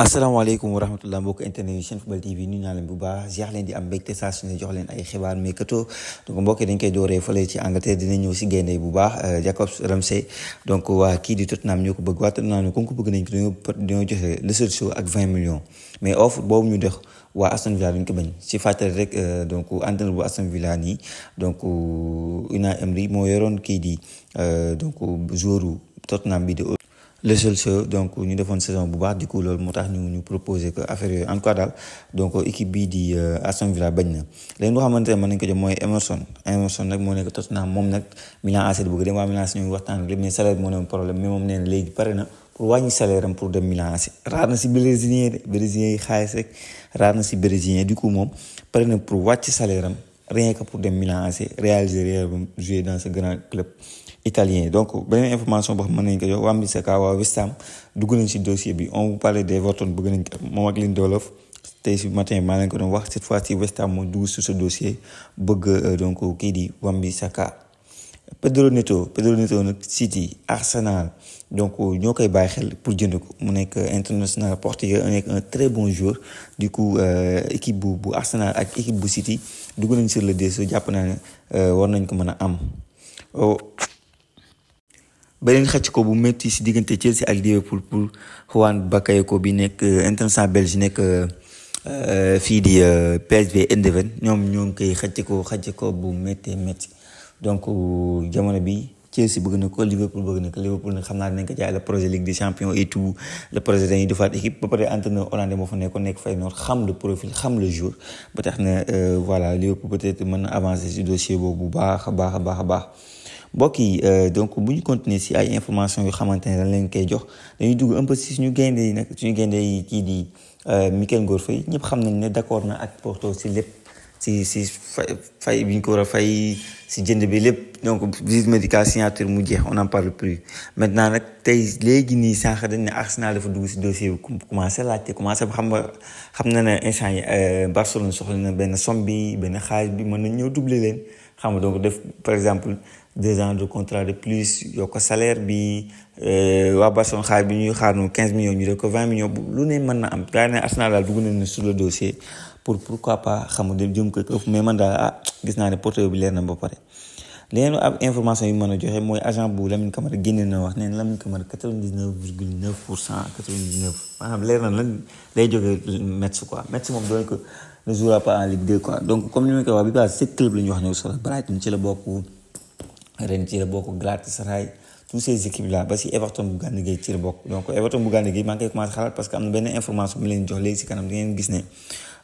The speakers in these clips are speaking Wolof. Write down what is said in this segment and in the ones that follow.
asalaamaaleykum wa rahmatullah mbokk internet yu Senfootball TV nuyu naa leen bu baax jeex leen di am mbégte saa su ne jox leen ay xibaar mercato donc mbokk dañ koy dooree fële ci Angleterre dina ñëw si gaynde bu baax euh, Jacob Ramsey donc waa kii di Tottenham ñoo ko bëgg waa Tottenham comme ko ko dañoo dañoo joxe le seul show ak 20 millions mais offre boobu ñu def waa Aston Villa duñ ko bañ si fàttali euh, donc entraîneur euh, moo yoroon kii di donc joueur Tottenham bi de le seul seul donc ñu defoon saison bu baax du coup le moo nous ñu ñu que affaire en tout donc équipe bi di euh, Aston Villa bañ na léegi nga xamantene man nga nañu ko jox mooy Emerson Emerson nak mo nek Tottenham mom nak Milan AC bëgg dem wa Milan ñu waxtaan lépp ne salaire mo moo problème mais mom nee légui paré na pour wañi salaire pour dem Milan AC raar na si brésilien brésilien yi xaalis rek raar na si brésilien du coup moom pare na pour wàcc salaire rien que pour dem Milan AC réaliser jouer dans ce grand club italien donc bonne information boo xam mën nañ ko jox West Ham dugg nañ dossier bi on vous parlait des Everton bëgg nañ ko moom ak Lindelof matin maa leen ko don wax cette fois ci West Ham moo dugg sur ce dossier bëgg euh, donc kii di wan Pedro Neto Pedro Neto nag City Arsenal donc euh, ñoo koy bàyyi xel pour dire ko mu nekk international portugais mu un très bon joueur du coup euh, équipe bu Arsenal ak équipe bu City dugg nañ sur le dessus. jàpp naa ne euh, war nañ ko mën a am. Oh. beneen xëcc ko bu metti ci diggante Chelsea ak Liverpool pour Juan Bakayoko bi nekk international belge nekk fii di PSV Eindhoven ñoom ñoo ngi koy xëcc ko xëcc ko bu metti metti donc euh, jamono bi Chelsea bëgg na ko Liverpool bëgg na ko Liverpool nag xam naa dinañ ko jaay le projet Ligue des Champions et tout le projet dañuy defaat équipe ba pare entraîneur hollandais moo fa nekkoon nekk Feyenoord xam le profil xam le jour ba tax na euh, voilà Liverpool peut-être mën na avancer si dossier boobu bu baax a baax a baax a baax. mbokk yi euh, donc bu ñu continuer si ay information yu xamante ne dañ leen koy jox dañuy dugg un peu si suñu gaynde yi nag suñu gaynde yi kii di Mikayil Ngor Faye ñëpp xam nañ ne d'accord na ak Porto si lépp. si si fay bi ñu ko war a fay si jënd bi lépp donc visite médicale signature mu jeex on par parle plus maintenant nag tey léegi nii sànq dañ ne Arsenal dafa dugg si dossier bi commencé laajte commencé xam nga xam na ne instant yi euh, Barcelone soxla na benn somme bi benn xaalis bi mën nañ ñëw doubler leen xam nga donc def par exemple deux ans de contrat de plus yokk ko salaire bi euh, waa Barcelone bi ñuy xaar noonu quinze millions ñu def mën na am gaa ne Arsenal daal dugg nañ ne sur le dossier pour pourquoi pas xamu dem jëm ko ëpp mais man daal ah gis naa ne portée bi leer na ba pare leneen ab information yu mën a génne na wax neen Lamine Camara quatre moom doon ko ne jouera pas en Ligue 2 ko wax bi tous ces équipes là ba si Everton bu Gana Gueye ci la bokk donc Everton bu Gana Gueye maa koy commencé xalaat parce que am na benn information bi leen jox léegi si kanam di gis ne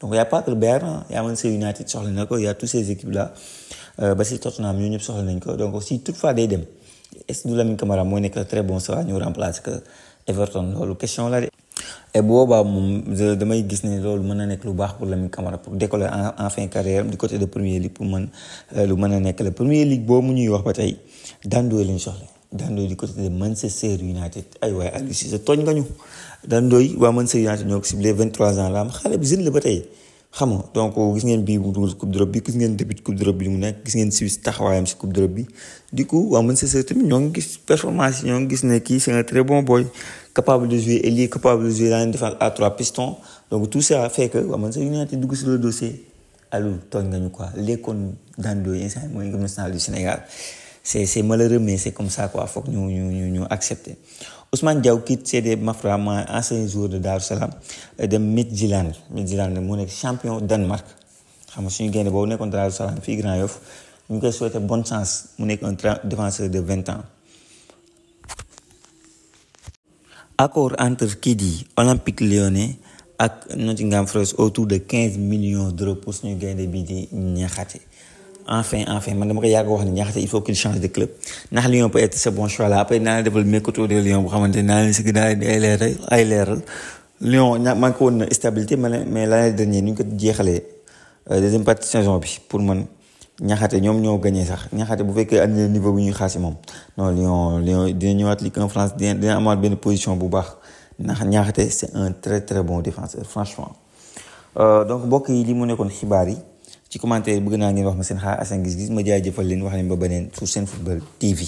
donc y' a pas que Bayern y a Manchester United soxla na il y' a toutes ces équipes là euh, bah, c'est Tottenham ñoo ñëpp soxla nañ donc aussi toutefois day dem est-ce que du Lamine Camara mooy nekk très bon ça ñu remplace que Everton loolu question là, et boobaa moom damay gis ne loolu mën na nekk lu pour Lamine Camara pour décoller en fin carrière du côté de Premier League pour mën euh, lu mën a la Premier League boobu mu ñuy wax ba tey daan doole lañ Dandoy du côté de Manchester United ay waay Aliou Cissé tooñ nga Dandoy wa Manchester United ñoo ciblé 23 ans la am xale bi jeune le batay tey xam nga donc gis ngeen bi mu dugal coupe d'Europe bi gis ngeen début coupe d'Europe bi mu nekk gis ngeen Suisse taxawayam ci coupe d'Europe bi du coup wa Manchester tamit ñoo ngi gis performance yi ñoo ngi gis ne c'est un très bon boy capable de jouer ailier capable de jouer dans défense à trois pistons donc tout ça fait que wa Manchester United dugg si le dossier alu tooñ nga quoi Les kon Dandoy instant mooy national du Sénégal c'est malheureux, mais c'est comme ça, quoi. Faut que nous, nous, accepter. Ousmane Diaw quitte CD Mafra, moi, ancien joueur de Dar euh, de Midtjylland. Midtjylland, mon champion champion Danemark. xam suis suñu gagné boobu nekkoon Dar Salam fii Grand Yoff ñu bonne chance mu contre un défenseur de 20 ans. accord entre Kidi, Olympique Lyonnais et Nottingham Forest autour de 15 millions d'euros pour suñu gagné bii di Niakhaté enfin enfin man dama ko yàgg wax ni Niakhaté il faut qu'il change de club ndax lion peut être ce bon choix là après naa la defal mékoto de lion boo xamante naa la si gën a ay leeral ay leeral lion ña manqué woon na stabilité ma ne mais l'année dernière ni ñu ko jeexalee euh, deuxième partie saison bi pour man Niakhaté ñoom ñoo gagné sax Niakhaté bu fekkee andi na niveau bu ñuy xaasi moom non lion lion dina ñëwaat Ligue 1 France dina dina amaat benn position bu baax ndax Niakhaté c'est un très très bon défenseur franchement euh, donc mbokk yi li mu nekkoon xibaar yi. ci commentaire bëgg naa ngeen wax ma seen xaar ak seen gis ma jaajëfal leen wax leen ba beneen sur seen football TV.